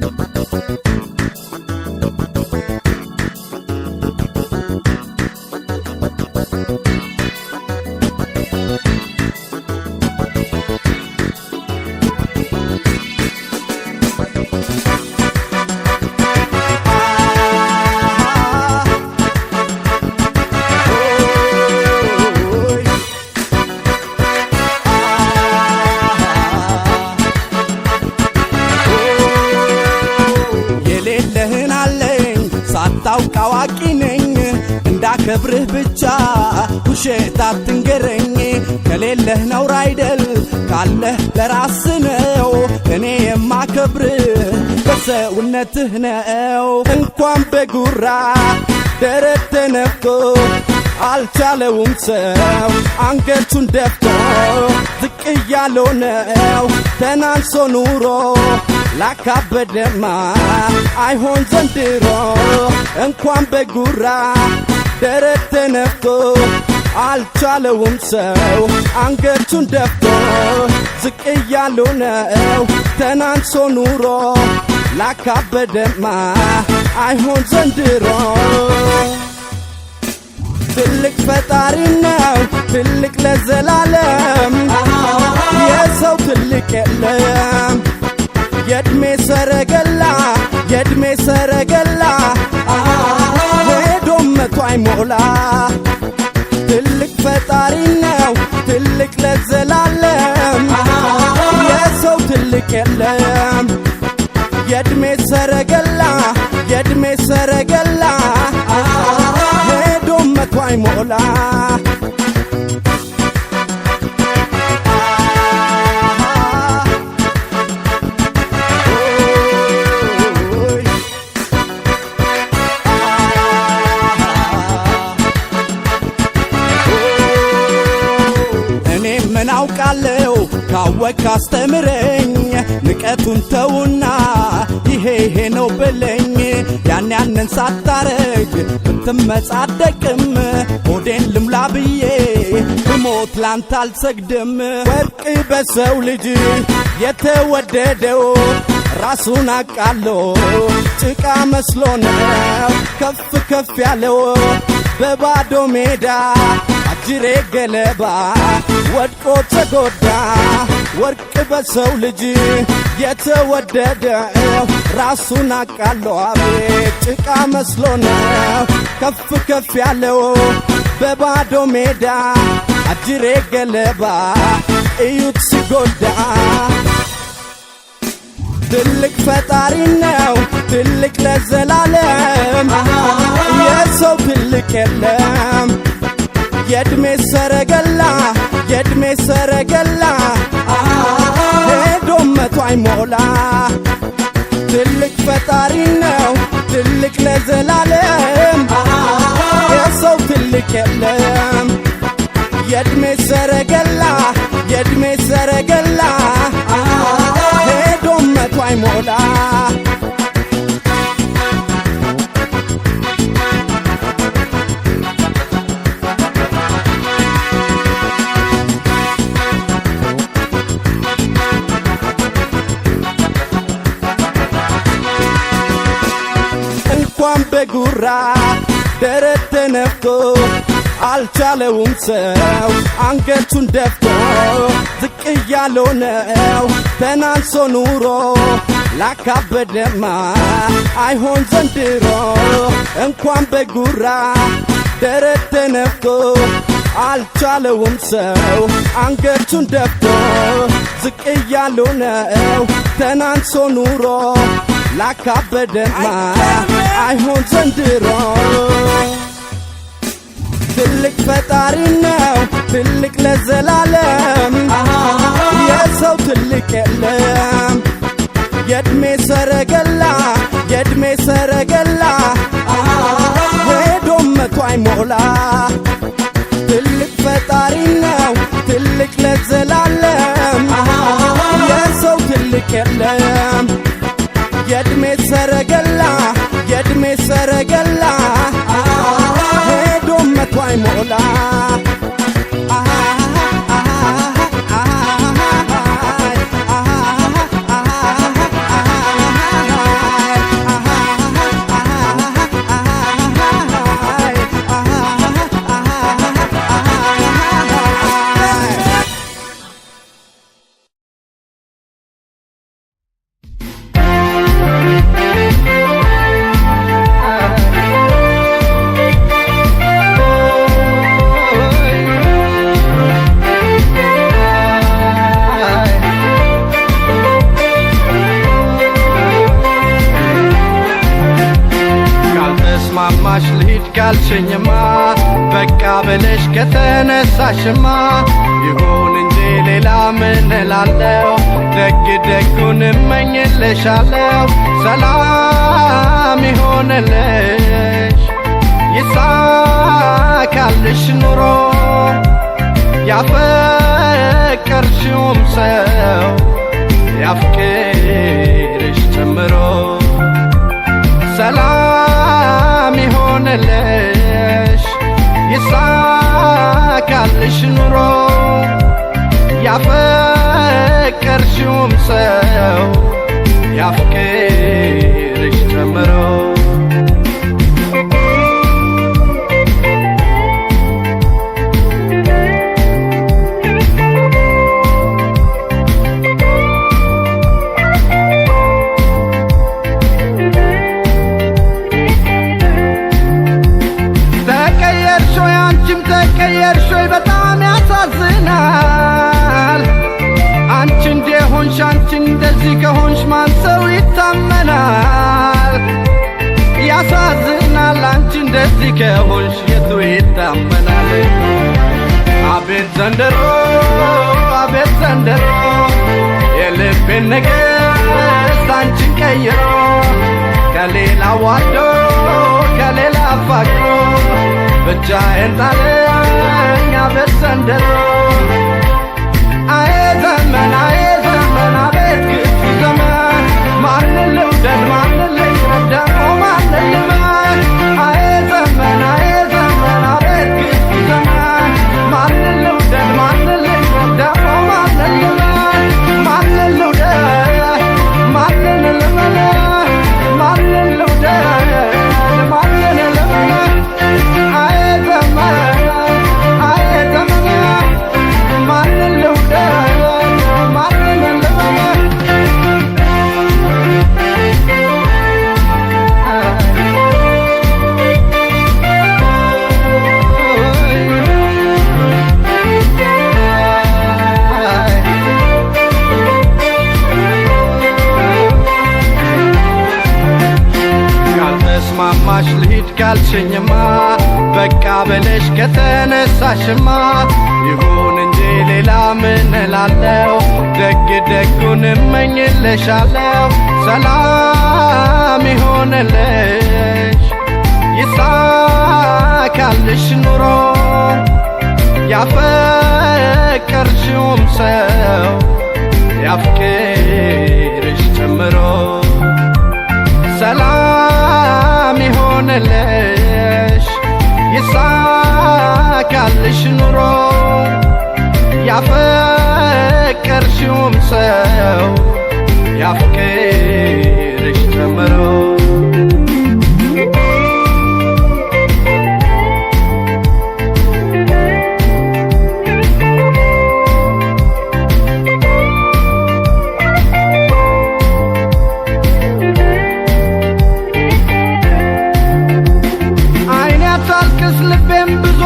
Bye. ክብርህ ብቻ ውሸት አትንገረኝ። ከሌለህ ነውር አይደል ካለህ ለራስ ነው። እኔ የማከብርህ በሰውነትህ ነው። እንኳን በጉራ ደረት ተነፍቶ አልቻለውም ሰው አንገቱን ደፍቶ ዝቅ እያለው ነው ተናንሶ ኑሮ ላካበደማ አይሆን ዘንድሮ እንኳን በጉራ ደረት ተነፍቶ አልቻለውም ሰው አንገቱን ደፍቶ ዝቅ እያሉ ነው ተናንሶ ኑሮ ላካበደማ አይሆን ዘንድሮ ትልቅ ፈጣሪ ነው ትልቅ ለዘላለም የሰው ትልቅ የለም የእድሜ ሰረገላ የእድሜ ሰረገላ አመቱ አይሞላ ትልቅ ፈጣሪ ነው ትልቅ ለዘላለም የሰው ትልቅ የለም የእድሜ ሰረገላ የእድሜ ሰረገላ ሄዶ መቶ አይሞላ ሳታረግ ብትመጻደቅም ሆዴን ልምላ ብዬ ብሞት ላንተ አልሰግድም። ወርቅ በሰው ልጅ የተወደደው ራሱን አቃሎ ጭቃ መስሎ ነው ከፍ ከፍ ያለው በባዶ ሜዳ አጅሬ ገለባ ወድቆ ተጎዳ። ወርቅ በሰው ልጅ የተወደደ ራሱን አቃሎ አቤት ጭቃ መስሎ ነው ከፍ ከፍ ያለው በባዶ ሜዳ አጅሬ ገለባ እዩት ሲጎዳ ትልቅ ፈጣሪ ነው ትልቅ ለዘላለም የሰው ትልቅ የለም የእድሜ ሰረገላ የድሜ ሰረገላ ዓመቱ አይሞላ ትልቅ ፈጣሪ ነው ትልቅ ለዘላለም የሰው ትልቅ የለም የእድሜ ሰረገላ የእድሜ ሰረገላ ሄዶ መቶ አይሞላ ያልቻለውም ሰው አንገቱን ደፍቶ ዝቅ እያለው ነው ተናንሶ ኑሮ ላካበደማ አይሆን ዘንድሮ እንኳን በጉራ ደረት ተነፍቶ አልቻለውም ሰው አንገቱን ደፍቶ ዝቅ እያለው ነው ተናንሶ ኑሮ ላካበደማ አይሆን ዘንድሮ ትልቅ ፈጣሪ ነው ትልቅ ለዘላለም የሰው ትልቅ የለም የእድሜ ሰረገላ የእድሜ ሰረገላ ሄዶ መቶ አይሞላ ትልቅ ፈጣሪ ነው ትልቅ ለዘላለም የሰው ትልቅ የለም የእድሜ ሰረገላ የእድሜ ሰረገላ time ሰላም ይሆንልሽ፣ ይሳካልሽ ኑሮ ያፈቀርሽውም ሰው ያፍቅርሽ ጨምሮ ሰላም ይሆንልሽ፣ ይሳካልሽ ኑሮ ያፈቀርሽውም ሰው jawkę Kajer, šoj, antim, te mi, a vata, mjata, zina. እንደዚህ ከሆንሽ ማን ሰው ይታመናል? ያሳዝናል። አንቺ እንደዚህ ከሆንሽ የቱ ይታመናል? አቤት ዘንድሮ፣ አቤት ዘንድሮ የልቤን ንግሥት አንቺን ቀይሮ ከሌላ ዋዶ ከሌላ አፋቅሮ ብቻዬን ጣለኝ አቤት ዘንድሮ ጋሽማ ይሁን እንጂ ሌላ ምን እላለው? ደግ ደጉን እመኝልሻለው። ሰላም ይሆንልሽ፣ ይሳካልሽ ኑሮ ያፈቀርሽውም ሰው ያፍቅርሽ ጨምሮ ሰላም ይሆንልሽ ይሳ በፍቅርሽ ኑሮ ያፈቀርሽውም ሰው ያፍቅርሽ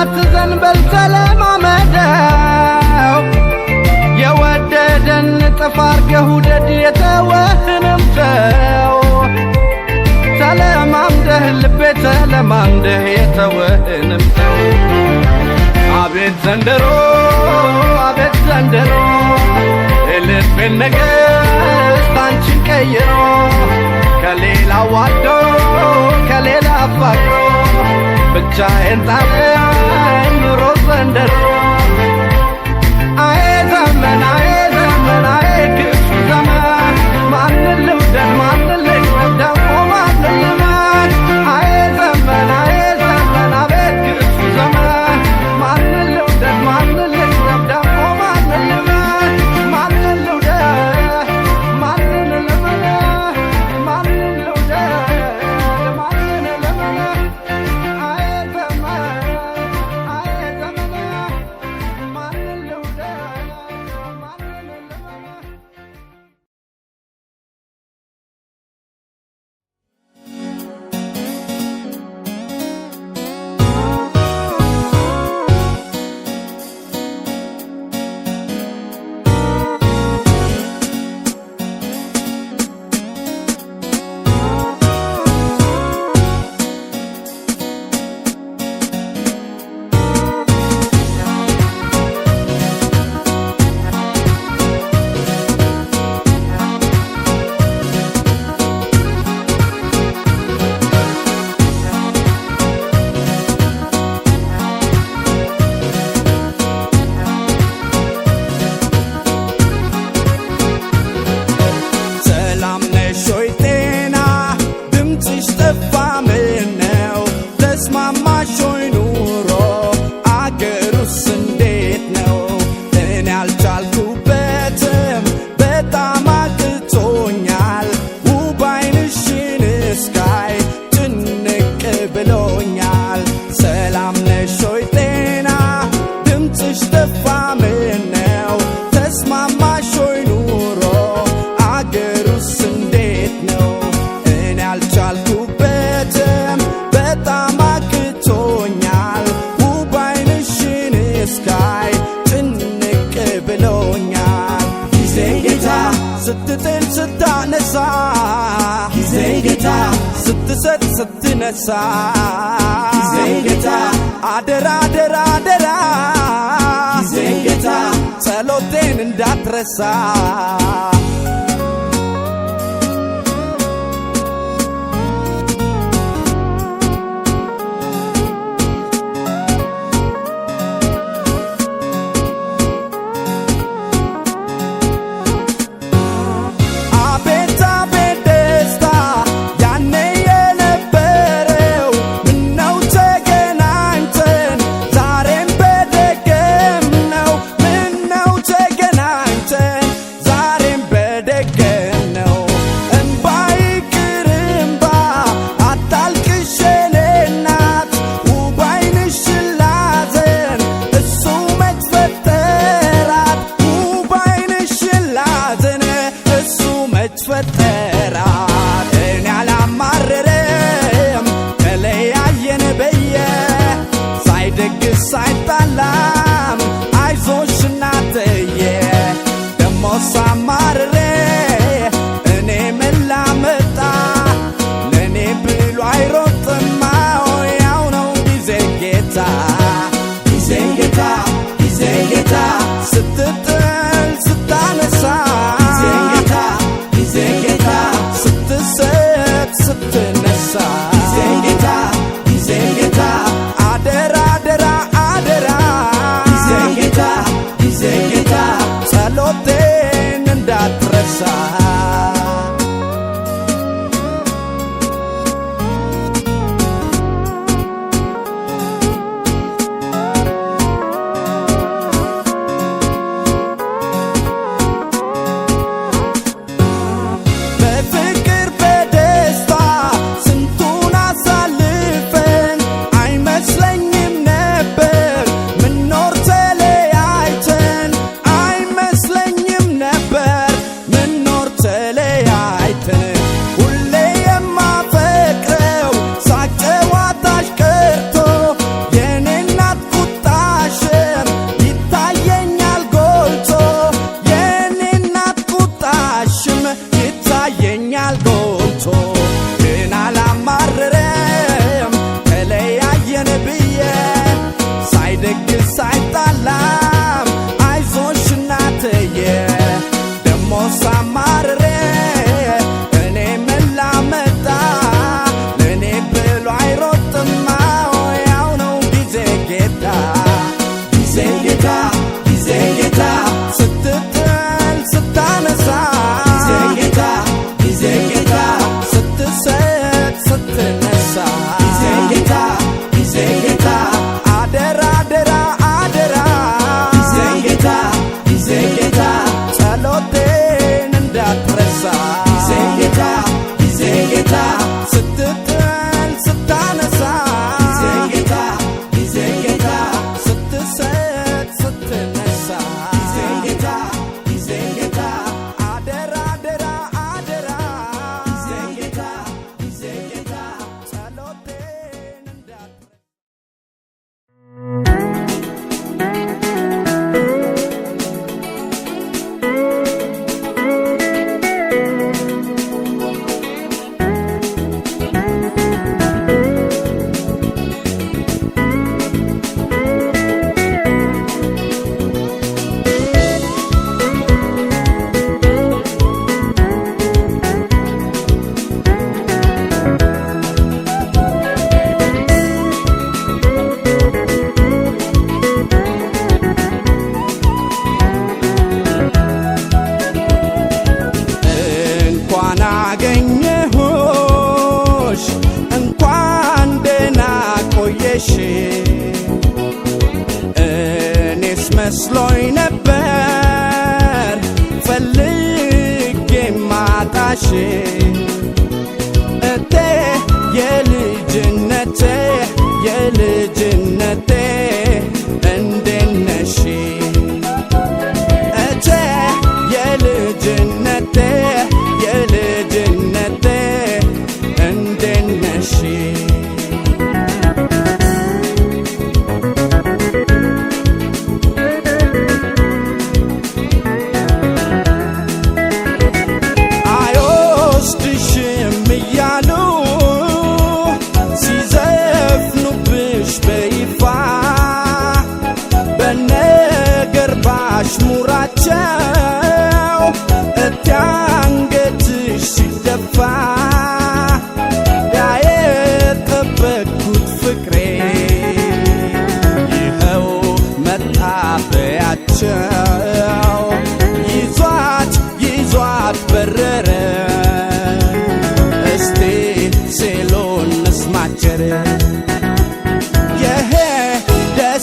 እንዳትዘንበል ተለማመደው የወደደን ጥፋር ገሁደድ የተወህንም ተው ተለማምደህ ልቤ ተለማምደህ የተወህንም ተው አቤት ዘንደሮ አቤት ዘንደሮ የልቤን ነገሥት አንቺን ቀይሮ ከሌላ ዋዶ ከሌላ አፋቅሮ ብቻ እንጣለ ኑሮ ዘንደሮ ስትነሳ ጌታ አደራ አደራ አደራ ጌታ ጸሎቴን እንዳትረሳ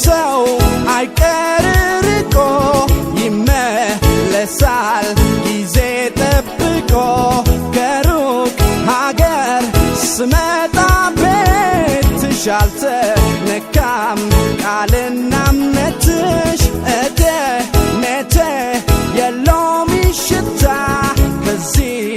ሰው አይቀር ርቆ ይመለሳል ጊዜ ጠብቆ ከሩቅ ሀገር ስመጣ ቤትሽ አልተነካም ቃልና እምነትሽ እቴ ሜቴ የለውም ይሽታ ከዚህ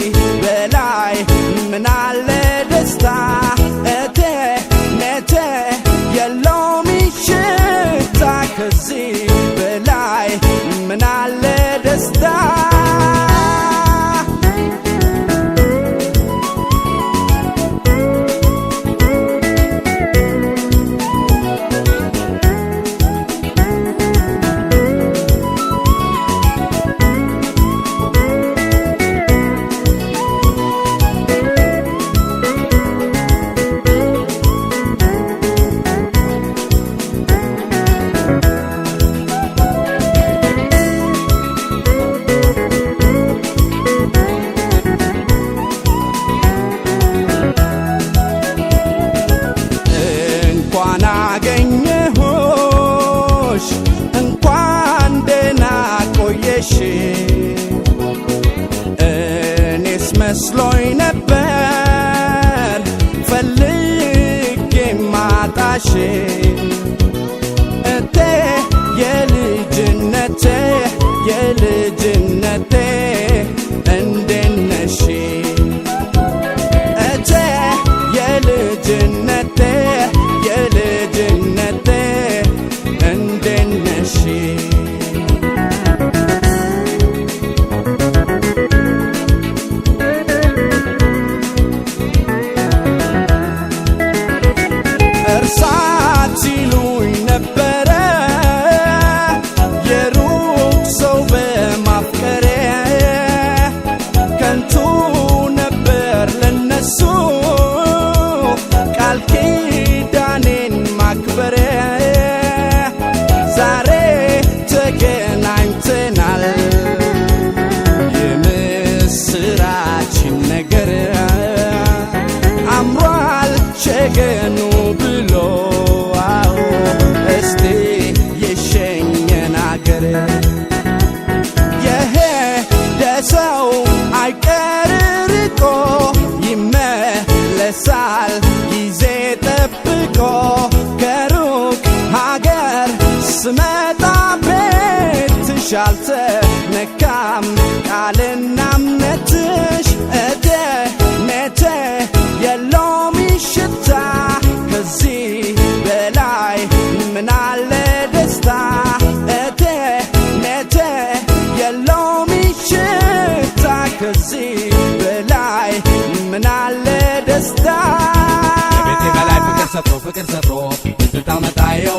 Que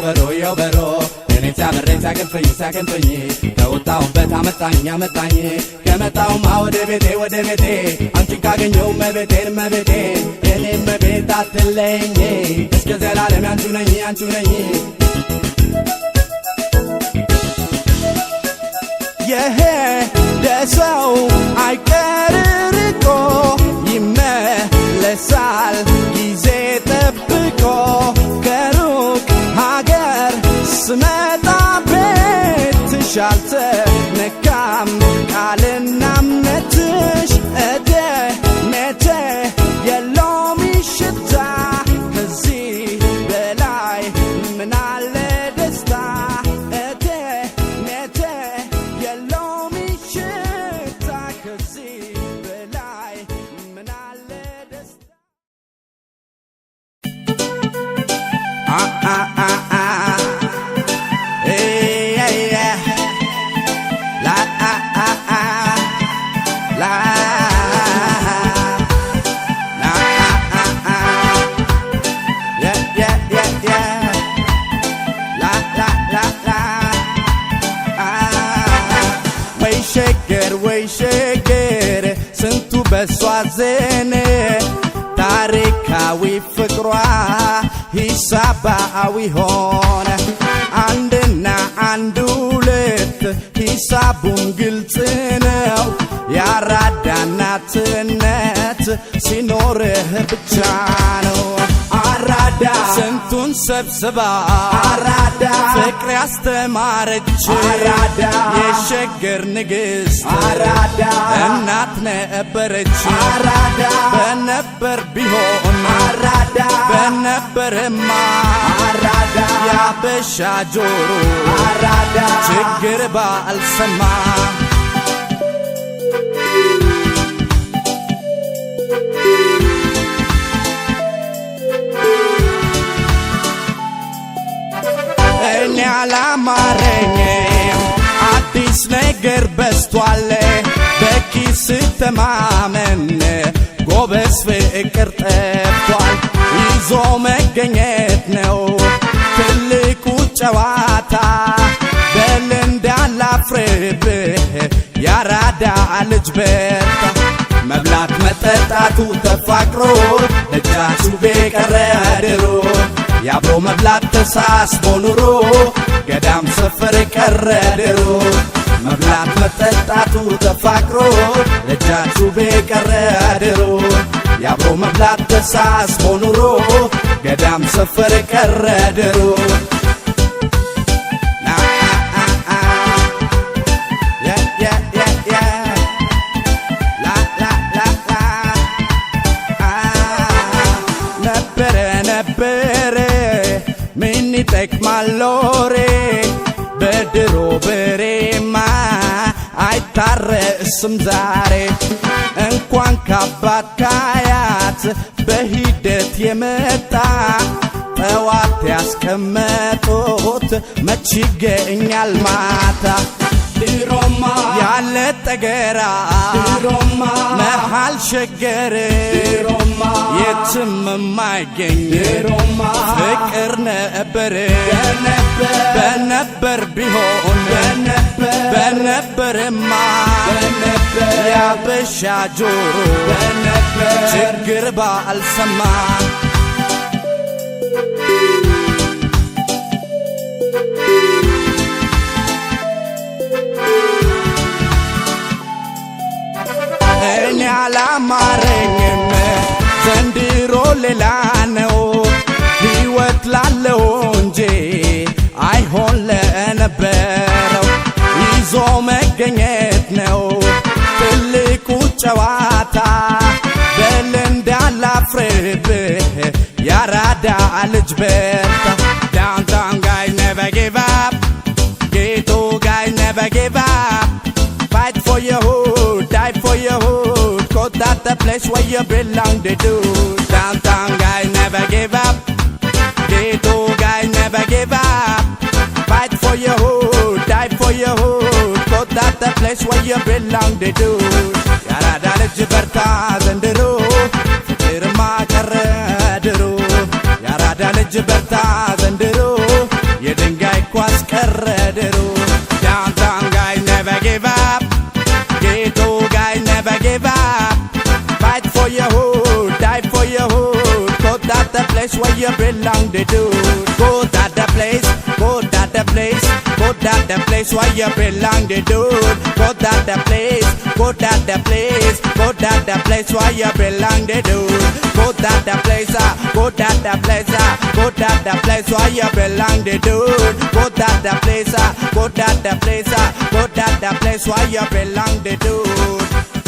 በሮ የው በሮ እኔም ሲያመረኝ ሲያቅንፍኝ ሲያቅንፍኝ ከወጣሁበት አመጣኝ አመጣኝ ከመጣሁማ ወደ ቤቴ ወደ ቤቴ አንቺን ካገኘው መቤቴን መቤቴን እኔ መቤት አትለኝ እስከ ዘላለም አንቺ ነኝ አንቺ ነኝ ይሄ ለሰው አይቀር ይመለሳል ሰብአዊ ሆነ አንድና አንድ ሁለት ሂሳቡም ግልጽ ነው ያራዳናትነት ሲኖርህ ብቻ ነው ስንቱን ሰብስባ አራዳ ፍቅር ያስተማረች አራዳ የሸገር ንግሥት አራዳ እናት ነበረች አራዳ በነበር ቢሆን አራዳ በነበርማ አራዳ ያበሻ ጆሮ አራዳ ችግር ባልሰማ አላማረኝም አዲስ ነገር በስቷለ በኪስ ተማመን ጎበዝ ፍቅር ጠፍቷል ይዞ መገኘት ነው ትልቁ ጨዋታ በል እንዳላፍርብህ ያራዳ ልጅ በርታ መብላት መጠጣቱ ተፋቅሮ ደጃችሁ ቤቀረ ድሮ መብላት ተሳስቦ ኑሮ ገዳም ሰፈር የቀረ ድሮ መብላት መጠጣቱ ተፋቅሮ ለጃቹ ቤቀረ ድሮ የአብሮ መብላት ተሳስቦ ኑሮ ገዳም ሰፈር የቀረ ድሮ አሎሬ በድሮ በሬማ አይታረስም ዛሬ እንኳን ካባት ካያት በሂደት የመጣ ጠዋት ያስቀመጡት መች ይገኛል ማታ ድሮማ ያለ ጠገራ ድሮማ መሃል ሸገር ድሮማ የትም የማይገኝ ድሮማ ፍቅር ነበር በነበር ቢሆን በነበርማ ያበሻ ጆሮ ችግር ባልሰማ እኔ አላማረኝም፣ ዘንድሮ ሌላ ነው ሕይወት ላለው እንጂ አይሆን ለነበረው ይዞ መገኘት ነው ትልቁ ጨዋታ። በል እንዳላፍርብህ ያራዳ ልጅ በርታ። That's the place where you belong. They do. Downtown guy never give up. They do guy never give up. Fight for your hood, die for your hood. Go that's the place where you belong. They do. ያራዳ ልጅ በርታ ዘንድሮ ፍቅርማ ቀረ ድሮ ያራዳ ልጅ በርታ place where you belong to do. Go to the place, go to the place, go to the place where you belong to do. Go to the place, go to the place, go to the place where you belong to do. Go to the place, go to the place, go to the place where you belong to do. Go to the place, go to the place, go to the place where you belong to do.